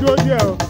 dúró díẹ̀ o.